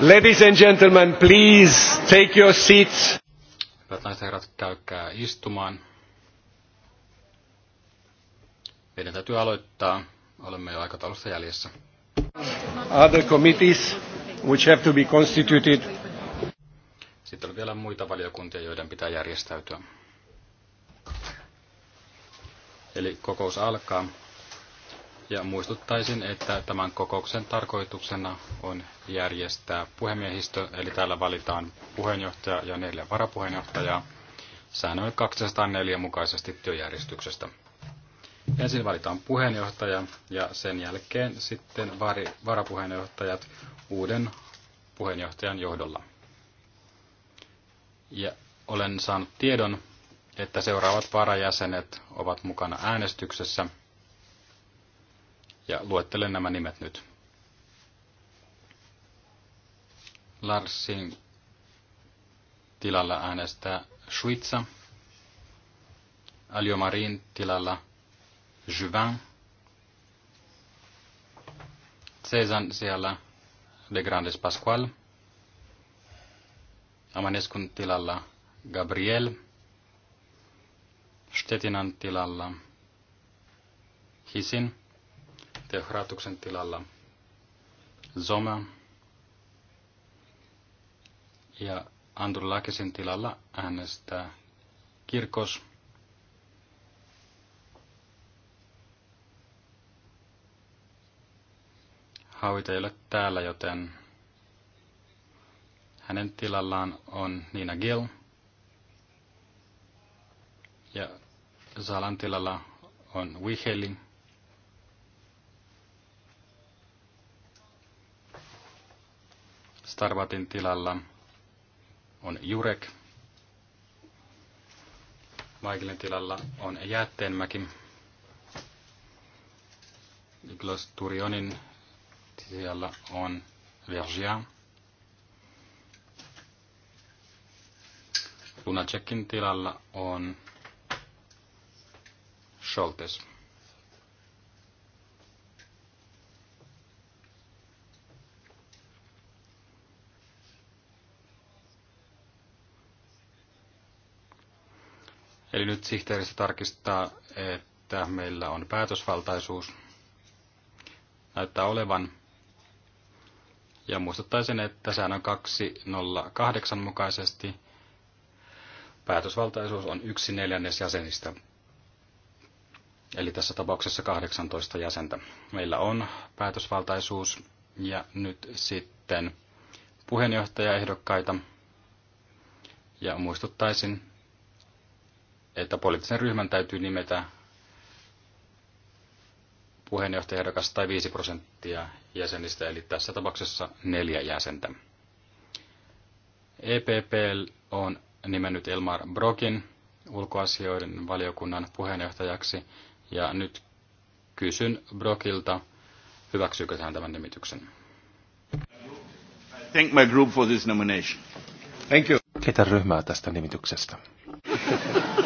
Ladies and gentlemen, please take your seats. Hyvät naiset herrat, käykää istumaan. Meidän täytyy aloittaa. Olemme jo aikataulussa jäljessä. Other committees which have to be constituted. Sitten on vielä muita valiokuntia, joiden pitää järjestäytyä. Eli kokous alkaa. Ja muistuttaisin, että tämän kokouksen tarkoituksena on järjestää puhemiehistö, eli täällä valitaan puheenjohtaja ja neljä varapuheenjohtajaa säännöin 204 mukaisesti työjärjestyksestä. Ensin valitaan puheenjohtaja ja sen jälkeen sitten vari, varapuheenjohtajat uuden puheenjohtajan johdolla. Ja olen saanut tiedon, että seuraavat varajäsenet ovat mukana äänestyksessä – ja luettelen nämä nimet nyt. Larsin tilalla äänestää Schwitza. Aliomarin tilalla Juvin. Cezan siellä De Grandes Pascual. Amaneskun tilalla Gabriel. Stetinan tilalla Hisin. Teohratuksen tilalla Zoma ja Andrulakisin tilalla äänestää Kirkos. Hauit ei ole täällä, joten hänen tilallaan on Nina Gill. Ja Zalan tilalla on Wiheli. Starvatin tilalla on Jurek. Michaelin tilalla on Jäätteenmäki. Niklas Turionin tilalla on Vergia. Lunacekin tilalla on Scholtes. Eli nyt sihteeristä tarkistaa, että meillä on päätösvaltaisuus. Näyttää olevan. Ja muistuttaisin, että säännön 208 mukaisesti päätösvaltaisuus on yksi neljännes jäsenistä. Eli tässä tapauksessa 18 jäsentä. Meillä on päätösvaltaisuus ja nyt sitten puheenjohtajaehdokkaita. Ja muistuttaisin, että poliittisen ryhmän täytyy nimetä puheenjohtajaehdokas tai 5 prosenttia jäsenistä, eli tässä tapauksessa neljä jäsentä. EPP on nimennyt Elmar Brokin ulkoasioiden valiokunnan puheenjohtajaksi, ja nyt kysyn Brokilta, hyväksyykö hän tämän nimityksen. Thank my group for this nomination. Thank you. Kiitän ryhmää tästä nimityksestä.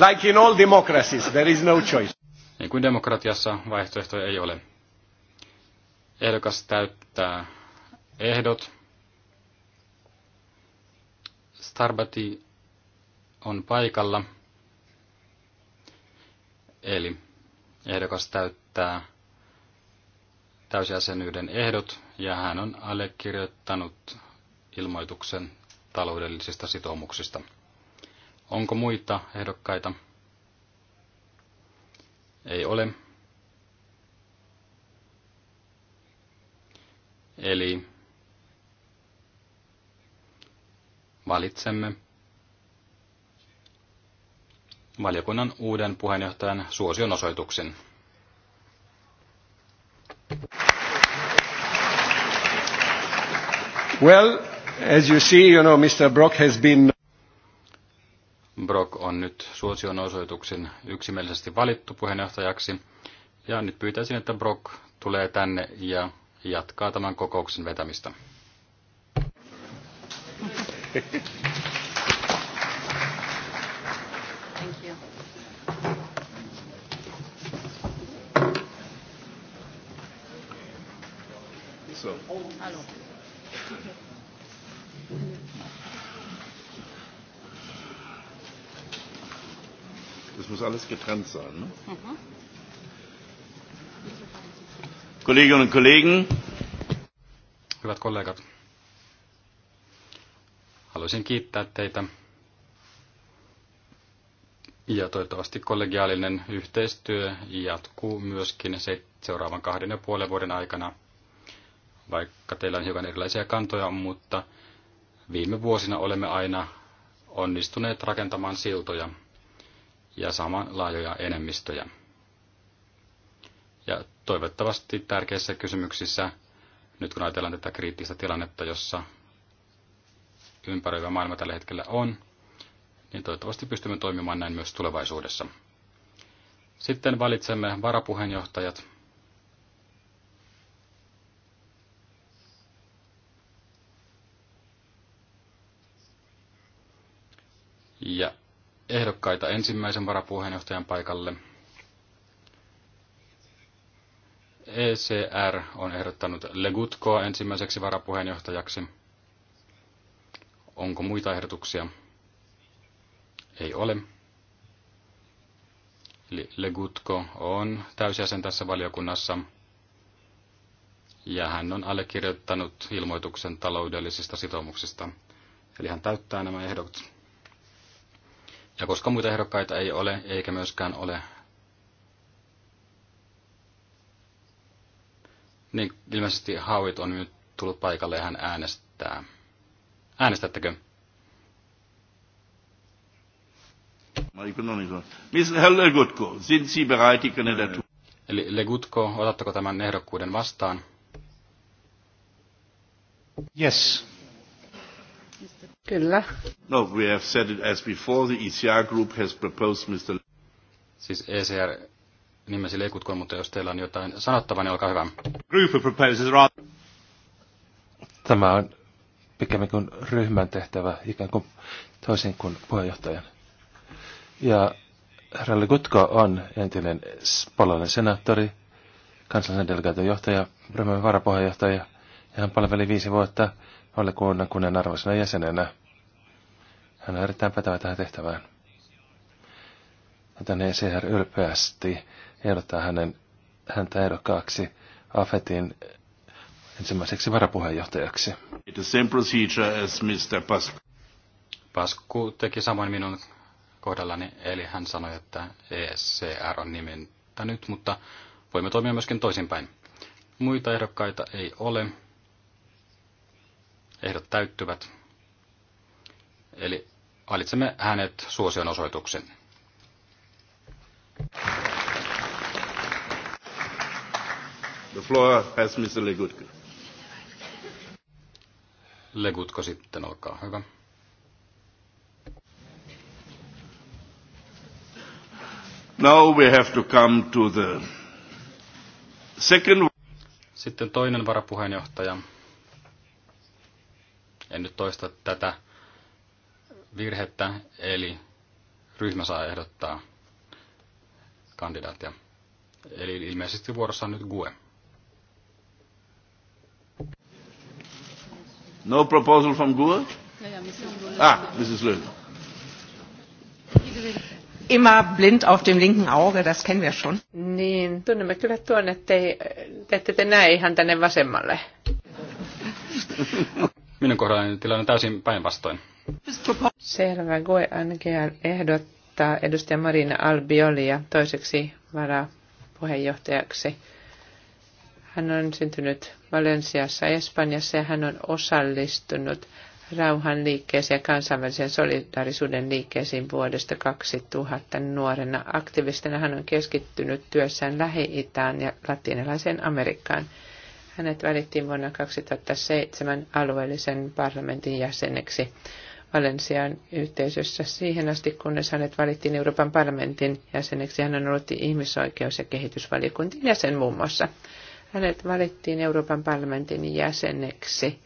like in all democracies, there is no choice. Niin kuin demokratiassa vaihtoehtoja ei ole. Ehdokas täyttää ehdot. Starbati on paikalla. Eli ehdokas täyttää täysjäsenyyden ehdot ja hän on allekirjoittanut ilmoituksen taloudellisista sitoumuksista. Onko muita ehdokkaita? Ei ole. Eli valitsemme valiokunnan uuden puheenjohtajan suosion osoituksen. Well, as you see, you know, Mr. Brock has been Brock on nyt suosionosoituksen yksimielisesti valittu puheenjohtajaksi. Ja nyt pyytäisin, että Brock tulee tänne ja jatkaa tämän kokouksen vetämistä. Thank you. So. Hello. muss alles getrennt sein. Ne? Mhm. Kolleginnen und Kollegen. Hyvät kollegat. Haluaisin kiittää teitä. Ja toivottavasti kollegiaalinen yhteistyö jatkuu myöskin seuraavan kahden ja puolen vuoden aikana, vaikka teillä on hiukan erilaisia kantoja, mutta viime vuosina olemme aina onnistuneet rakentamaan siltoja ja saamaan laajoja enemmistöjä. Ja toivottavasti tärkeissä kysymyksissä, nyt kun ajatellaan tätä kriittistä tilannetta, jossa ympäröivä maailma tällä hetkellä on, niin toivottavasti pystymme toimimaan näin myös tulevaisuudessa. Sitten valitsemme varapuheenjohtajat ehdokkaita ensimmäisen varapuheenjohtajan paikalle. ECR on ehdottanut Legutkoa ensimmäiseksi varapuheenjohtajaksi. Onko muita ehdotuksia? Ei ole. Eli Legutko on täysjäsen tässä valiokunnassa ja hän on allekirjoittanut ilmoituksen taloudellisista sitoumuksista. Eli hän täyttää nämä ehdot. Ja koska muita ehdokkaita ei ole, eikä myöskään ole, niin ilmeisesti Hauit on nyt tullut paikalle ja hän äänestää. Äänestättekö? Eli Legutko, otatteko tämän ehdokkuuden vastaan? Yes. Kyllä. No, we have said it as before, the ECR group has proposed Mr. Siis ECR nimesi Leikutkoon, mutta jos teillä on jotain sanottavaa, niin olkaa hyvä. Group of proposals rather... Tämä on pikemmin kuin ryhmän tehtävä, ikään kuin toisin kuin puheenjohtajan. Ja Ralli Gutko on entinen poloinen senaattori, kansallisen delegaation johtaja, ryhmän varapuheenjohtaja, ja hän palveli viisi vuotta valiokunnan kunnan arvoisena jäsenenä. Hän on erittäin pätevä tähän tehtävään. Joten ECR ylpeästi ehdottaa hänen, häntä ehdokkaaksi AFETin ensimmäiseksi varapuheenjohtajaksi. The same procedure as Mr. Pasku. Pasku teki samoin minun kohdallani, eli hän sanoi, että ESCR on nimentänyt, mutta voimme toimia myöskin toisinpäin. Muita ehdokkaita ei ole, ehdot täyttyvät. Eli valitsemme hänet suosion osoituksen. The floor has Mr. Legutko. Legutko sitten, olkaa hyvä. Now we have to come to the second... Sitten toinen varapuheenjohtaja. En nyt toista tätä virhettä, eli ryhmä saa ehdottaa kandidaattia. Eli ilmeisesti vuorossa on nyt GUE. No proposal from GUE? Ah, Mrs. Löw. Immer blind auf dem linken Auge, das kennen wir schon. Niin, tunnemme kyllä tuon, että te ette näe ihan tänne vasemmalle. Minun kohdallani tilanne on täysin päinvastoin. Selvä. Goe Angean ehdottaa edustaja Marina Albiolia toiseksi varapuheenjohtajaksi. Hän on syntynyt Valensiassa, Espanjassa ja hän on osallistunut rauhan liikkeeseen ja kansainvälisen solidaarisuuden liikkeisiin vuodesta 2000 nuorena. Aktivistina hän on keskittynyt työssään Lähi-Itään ja latinalaiseen Amerikkaan – hänet valittiin vuonna 2007 alueellisen parlamentin jäseneksi Valensian yhteisössä siihen asti, kunnes hänet valittiin Euroopan parlamentin jäseneksi. Hän on ollut ihmisoikeus- ja kehitysvaliokuntien jäsen muun muassa. Hänet valittiin Euroopan parlamentin jäseneksi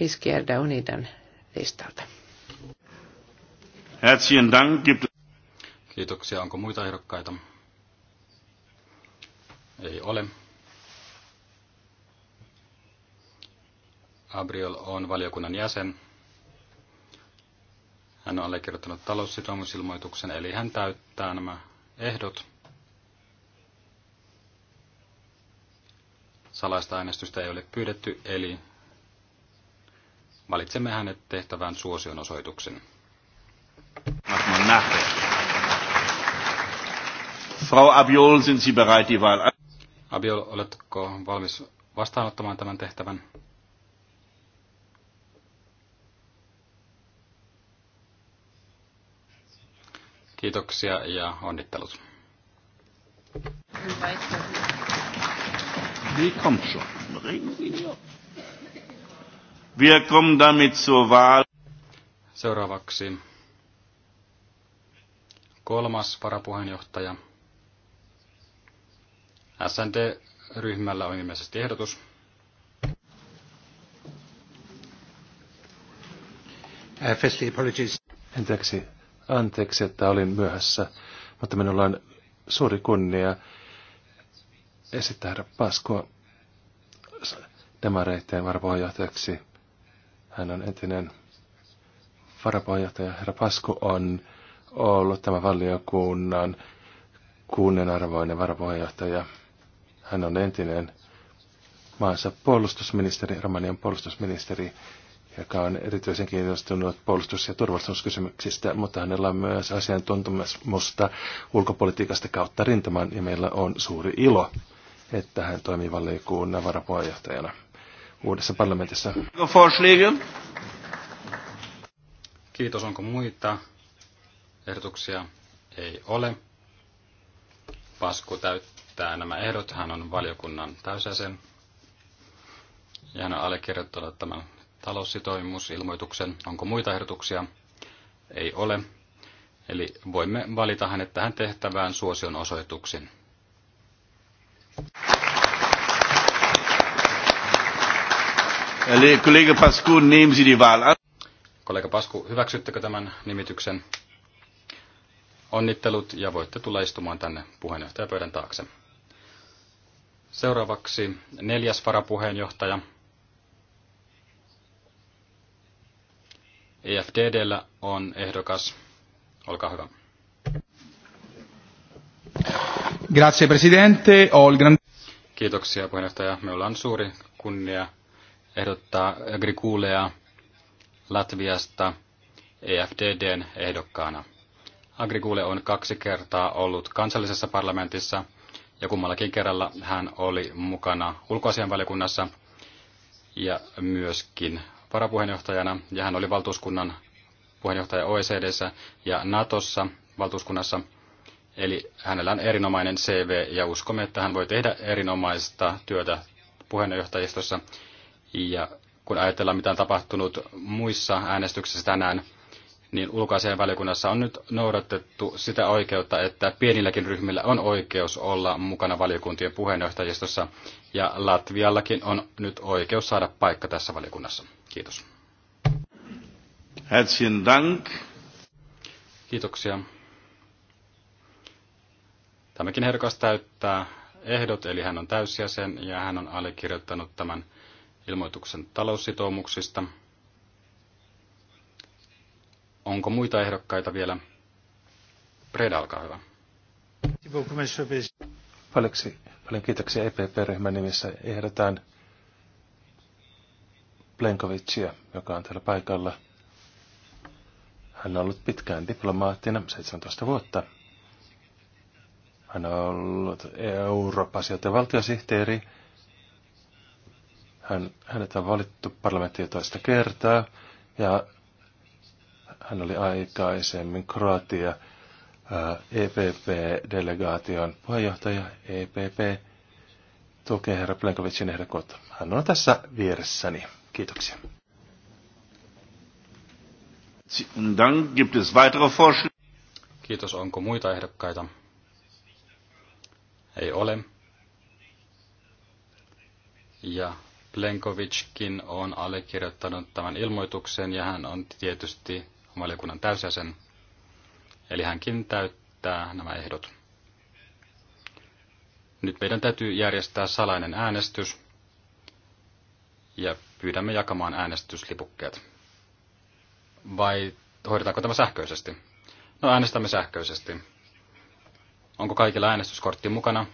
Iskierda Unidan listalta. Herzlichen Dank. Kiitoksia. Onko muita ehdokkaita? Ei ole. Abriol on valiokunnan jäsen. Hän on allekirjoittanut taloussitoumusilmoituksen, eli hän täyttää nämä ehdot. Salaista äänestystä ei ole pyydetty, eli valitsemme hänet tehtävään suosion osoituksen. Frau Abiol, sind Sie bereit, die Wahl? Abiol, oletko valmis vastaanottamaan tämän tehtävän? Kiitoksia ja onnittelut. Er damit Seuraavaksi kolmas varapuheenjohtaja. SND-ryhmällä on ilmeisesti ehdotus. Uh, firstly, apologies. Anteeksi, anteeksi, että olin myöhässä, mutta minulla on suuri kunnia esittää herra Paskoa demareitteen varapuheenjohtajaksi. Hän on entinen varapuheenjohtaja. Herra Pasku on ollut tämän valiokunnan kunnianarvoinen varapuheenjohtaja. Hän on entinen maansa puolustusministeri, Romanian puolustusministeri joka on erityisen kiinnostunut puolustus- ja turvallisuuskysymyksistä, mutta hänellä on myös asiantuntemusta ulkopolitiikasta kautta rintaman, ja meillä on suuri ilo, että hän toimii valiokunnan varapuheenjohtajana uudessa parlamentissa. Kiitos. Onko muita ehdotuksia? Ei ole. Pasku täyttää nämä ehdot. Hän on valiokunnan täysäsen. Ja hän on allekirjoittanut tämän taloussitoimusilmoituksen. Onko muita ehdotuksia? Ei ole. Eli voimme valita hänet tähän tehtävään suosion osoituksen. Eli kollega Pasku, Kollega Pasku, hyväksyttekö tämän nimityksen? Onnittelut ja voitte tulla istumaan tänne puheenjohtajapöydän taakse. Seuraavaksi neljäs varapuheenjohtaja. EFDDllä on ehdokas. Olkaa hyvä. Grazie Presidente. Ho il gran... Kiitoksia puheenjohtaja. Meillä on suuri kunnia ehdottaa Agrikuulea Latviasta EFDDn ehdokkaana. Agrikuule on kaksi kertaa ollut kansallisessa parlamentissa ja kummallakin kerralla hän oli mukana ulkoasianvaliokunnassa ja myöskin varapuheenjohtajana ja hän oli valtuuskunnan puheenjohtaja OECDssä ja Natossa valtuuskunnassa. Eli hänellä on erinomainen CV ja uskomme, että hän voi tehdä erinomaista työtä puheenjohtajistossa. Ja kun ajatellaan, mitä on tapahtunut muissa äänestyksissä tänään, niin ulkoasian valiokunnassa on nyt noudatettu sitä oikeutta, että pienilläkin ryhmillä on oikeus olla mukana valiokuntien puheenjohtajistossa, ja Latviallakin on nyt oikeus saada paikka tässä valiokunnassa. Kiitos. Herzlichen Dank. Kiitoksia. Tämäkin herkas täyttää ehdot, eli hän on täysjäsen ja hän on allekirjoittanut tämän ilmoituksen taloussitoumuksista. Onko muita ehdokkaita vielä? Preda, alkaa hyvä. Paljon kiitoksia EPP-ryhmän nimissä. Ehdotan Plenkovicia, joka on täällä paikalla. Hän on ollut pitkään diplomaattina, 17 vuotta. Hän on ollut Euroopan sieltä valtiosihteeri. Hän, hänet on valittu parlamenttiin toista kertaa ja hän oli aikaisemmin Kroatia EPP-delegaation puheenjohtaja EPP tukee herra Plenkovicin ehdokkuutta. Hän on tässä vieressäni. Kiitoksia. Kiitos. Onko muita ehdokkaita? Ei ole. Ja Plenkovitskin on allekirjoittanut tämän ilmoituksen ja hän on tietysti valiokunnan täysjäsen. Eli hänkin täyttää nämä ehdot. Nyt meidän täytyy järjestää salainen äänestys ja pyydämme jakamaan äänestyslipukkeet. Vai hoidetaanko tämä sähköisesti? No äänestämme sähköisesti. Onko kaikilla äänestyskortti mukana?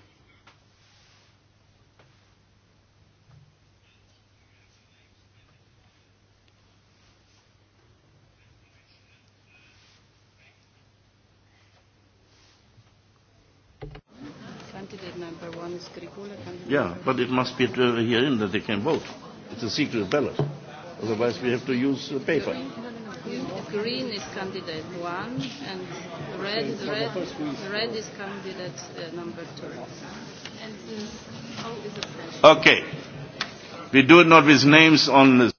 Yeah, but it must be here in that they can vote. It's a secret ballot. Otherwise, we have to use the paper. No, no, no, green is candidate one, and red, red, red is candidate uh, number two. And how uh, is it? Okay. We do not with names on. The...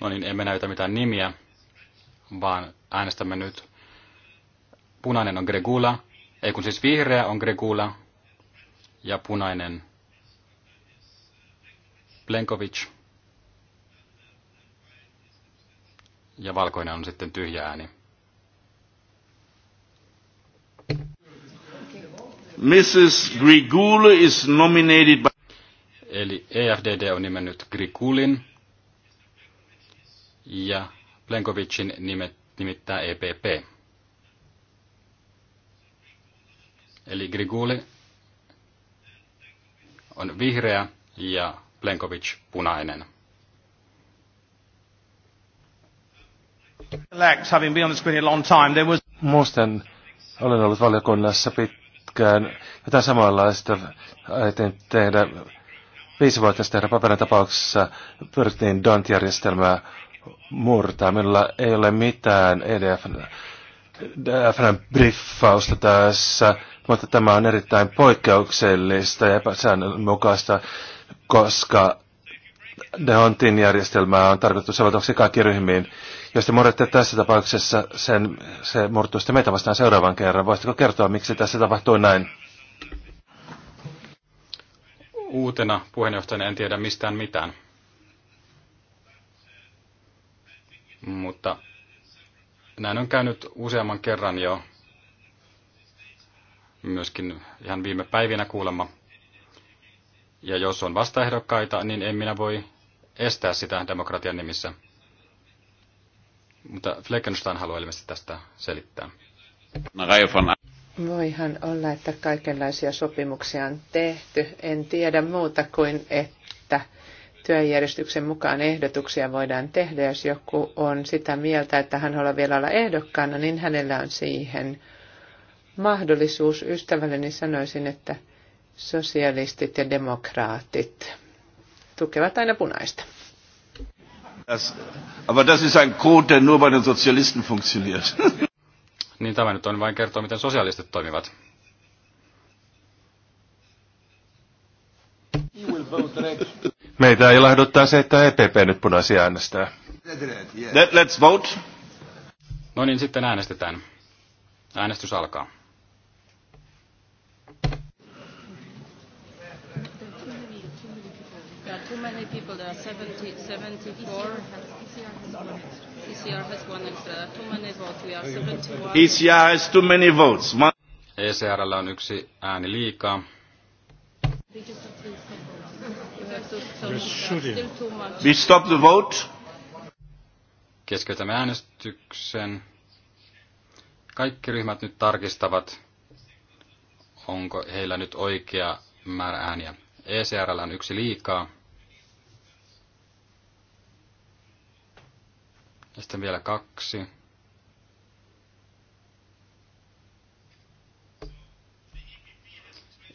No niin, emme näytä mitään nimiä, vaan äänestämme nyt. Punainen on Gregula, ei kun siis vihreä on Gregula ja punainen Plenkovic. ja valkoinen on sitten tyhjä ääni. Mrs. Grigul is nominated by... Eli EFDD on nimennyt Grigulin ja Plenkovicin nimet, nimittää EPP. Eli Griguli on vihreä ja Plenkovic punainen. Muistan, olen ollut valiokunnassa pitkään jotain samanlaista. Aitin tehdä viisi vuotta sitten herra paperin tapauksessa pyrittiin DONT-järjestelmää murtaa. Minulla ei ole mitään EDF briffausta tässä, mutta tämä on erittäin poikkeuksellista ja epäsäännönmukaista, koska DONTin järjestelmää on tarkoitettu sovelluksi kaikkiin ryhmiin jos te murrette tässä tapauksessa sen, se murtuu sitten meitä vastaan seuraavan kerran. Voisitko kertoa, miksi tässä tapahtui näin? Uutena puheenjohtajana en tiedä mistään mitään. Mutta näin on käynyt useamman kerran jo myöskin ihan viime päivinä kuulemma. Ja jos on vastaehdokkaita, niin en minä voi estää sitä demokratian nimissä. Mutta Fleckenstein haluaa ilmeisesti tästä selittää. Voihan olla, että kaikenlaisia sopimuksia on tehty. En tiedä muuta kuin, että työjärjestyksen mukaan ehdotuksia voidaan tehdä. Jos joku on sitä mieltä, että hän haluaa vielä olla ehdokkaana, niin hänellä on siihen mahdollisuus. Ystävälleni sanoisin, että sosialistit ja demokraatit tukevat aina punaista. Das, aber das ist ein Code, der nur bei den Sozialisten funktioniert. niin tämä nyt on vain kertoa, miten sosialistit toimivat. Meitä ilahduttaa se, että EPP nyt punaisia äänestää. let's vote. No niin, sitten äänestetään. Äänestys alkaa. people? There are 70, 74. ECR has one extra. Too many votes. We are 71. ECR has too many votes. One... ECRllä on yksi ääni liikaa. We stop the vote. Keskeytämme äänestyksen. Kaikki ryhmät nyt tarkistavat, onko heillä nyt oikea määrä ääniä. ECRL on yksi liikaa. Ja sitten vielä kaksi.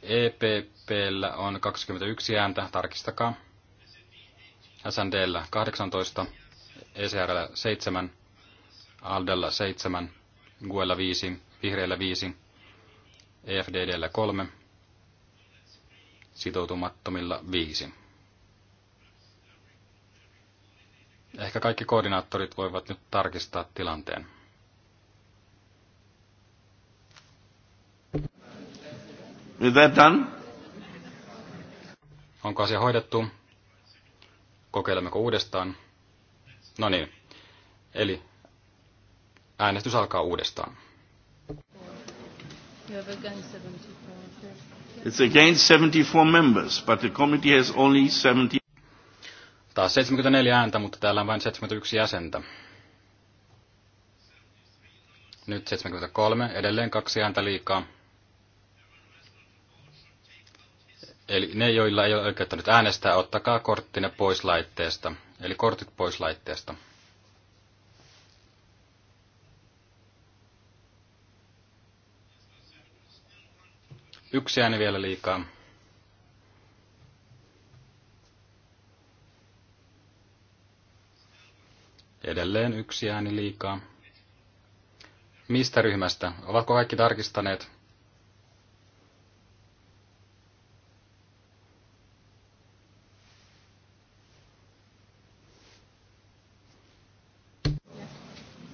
EPPllä on 21 ääntä, tarkistakaa. SNDllä 18, ECRllä 7, Aldella 7, Guella 5, Vihreillä 5, EFDDllä 3, sitoutumattomilla 5. Ehkä kaikki koordinaattorit voivat nyt tarkistaa tilanteen. Is that done? Onko asia hoidettu? Kokeilemmeko uudestaan? No niin. Eli äänestys alkaa uudestaan. It's against 74 members, but the committee has only 70 Taas 74 ääntä, mutta täällä on vain 71 jäsentä. Nyt 73, edelleen kaksi ääntä liikaa. Eli ne, joilla ei ole oikeutta nyt äänestää, ottakaa korttine pois laitteesta. Eli kortit pois laitteesta. Yksi ääni vielä liikaa. Edelleen yksi ääni liikaa. Mistä ryhmästä? Ovatko kaikki tarkistaneet?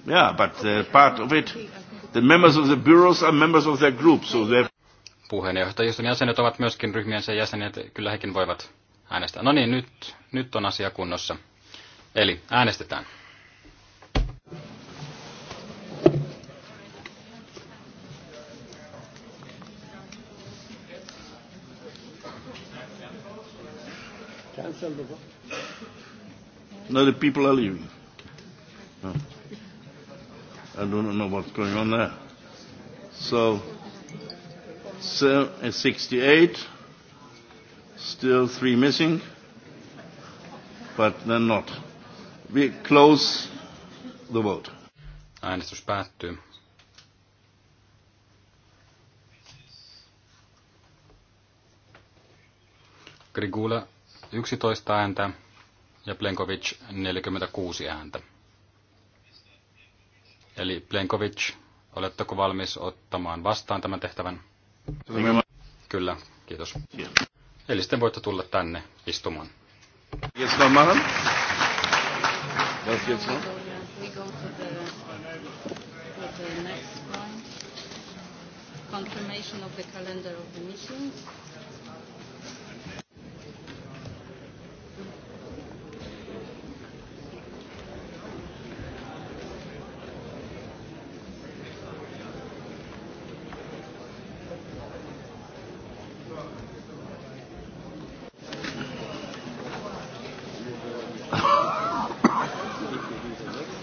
Yeah, but uh, part of it, the members of the bureaus are members of their group, so they Puheenjohtajiston jäsenet ovat myöskin ryhmiensä jäsenet, kyllä hekin voivat äänestää. No niin, nyt, nyt on asia kunnossa. Eli äänestetään. No, the people are leaving. No. I don't know what's going on there. So, so at 68, still three missing, but then not. We close the vote. Äänestys päättyy. Grigula 11 ääntä ja Plenkovic 46 ääntä. Eli Plenkovic, oletteko valmis ottamaan vastaan tämän tehtävän? Kyllä, Kyllä kiitos. Yeah. Eli sitten voitte tulla tänne istumaan. Yes, no, Confirmation of the calendar of the meetings.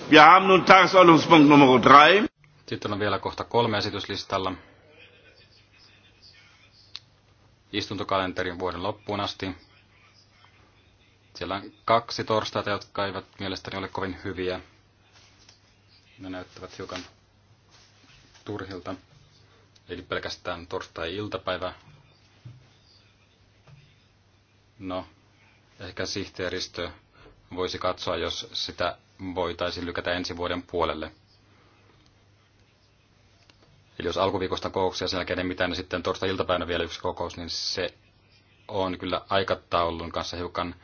Wir haben nun Tagesordnungspunkt Nummer 3. Sitten on vielä kohta kolme esityslistalla. Istuntokalenterin vuoden loppuun asti. Siellä on kaksi torstaita, jotka eivät mielestäni ole kovin hyviä. Ne näyttävät hiukan turhilta. Eli pelkästään torstai-iltapäivä. No, ehkä sihteeristö voisi katsoa, jos sitä voitaisiin lykätä ensi vuoden puolelle. Eli jos alkuviikosta kokouksia sen jälkeen ei mitään, niin sitten torstai-iltapäivänä vielä yksi kokous, niin se on kyllä aikataulun kanssa hiukan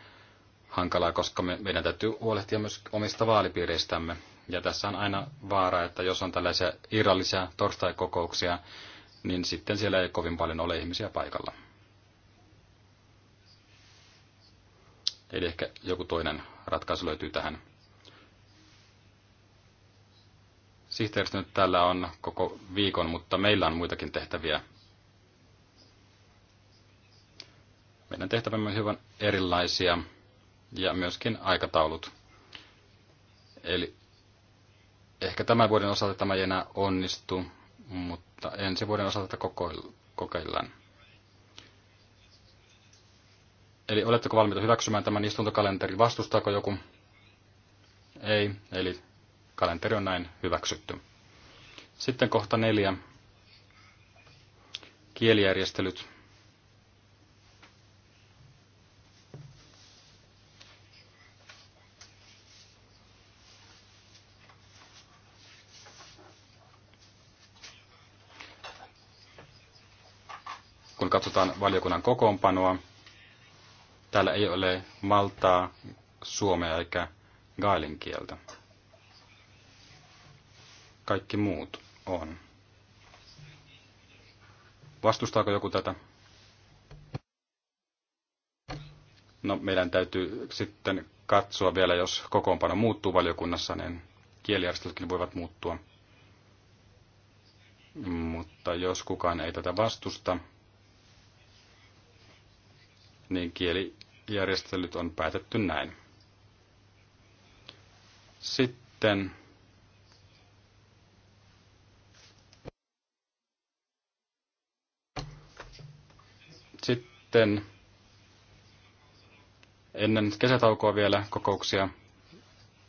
hankalaa, koska me, meidän täytyy huolehtia myös omista vaalipiireistämme. Ja tässä on aina vaara, että jos on tällaisia irrallisia kokouksia niin sitten siellä ei kovin paljon ole ihmisiä paikalla. Eli ehkä joku toinen ratkaisu löytyy tähän. Sihteeristö nyt täällä on koko viikon, mutta meillä on muitakin tehtäviä. Meidän tehtävämme on hyvin erilaisia ja myöskin aikataulut. Eli ehkä tämän vuoden osalta tämä ei enää onnistu, mutta ensi vuoden osalta kokeillaan. Eli oletteko valmiita hyväksymään tämän istuntokalenterin? Vastustaako joku? Ei, eli kalenteri on näin hyväksytty. Sitten kohta neljä. Kielijärjestelyt. Kun katsotaan valiokunnan kokoonpanoa, Täällä ei ole maltaa, suomea eikä gailin kieltä. Kaikki muut on. Vastustaako joku tätä? No, meidän täytyy sitten katsoa vielä, jos kokoonpano muuttuu valiokunnassa, niin kielijärjestelmätkin voivat muuttua. Mutta jos kukaan ei tätä vastusta, niin kielijärjestelyt on päätetty näin. Sitten sitten ennen kesätaukoa vielä kokouksia.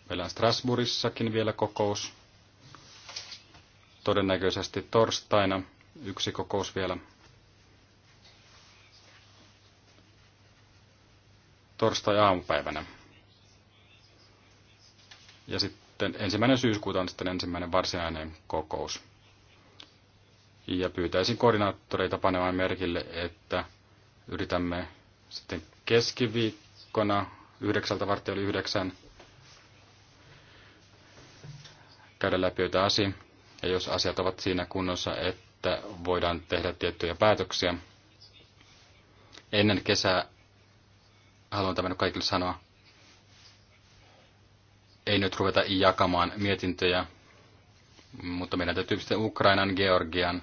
Meillä on Strasbourgissakin vielä kokous. Todennäköisesti torstaina yksi kokous vielä. torstai-aamupäivänä. Ja sitten ensimmäinen syyskuuta on sitten ensimmäinen varsinainen kokous. Ja pyytäisin koordinaattoreita panemaan merkille, että yritämme sitten keskiviikkona yhdeksältä varttia oli yhdeksän käydä läpi asia. Ja jos asiat ovat siinä kunnossa, että voidaan tehdä tiettyjä päätöksiä ennen kesää haluan tämän kaikille sanoa. Ei nyt ruveta jakamaan mietintöjä, mutta meidän täytyy sitten Ukrainan, Georgian,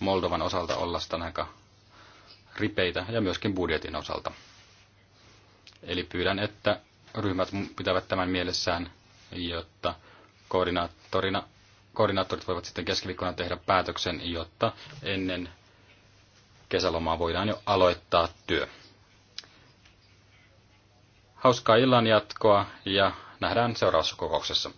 Moldovan osalta olla sitten aika ripeitä ja myöskin budjetin osalta. Eli pyydän, että ryhmät pitävät tämän mielessään, jotta koordinaattorina, koordinaattorit voivat sitten keskiviikkona tehdä päätöksen, jotta ennen kesälomaa voidaan jo aloittaa työ. Hauskaa illan jatkoa ja nähdään seuraavassa kokouksessa.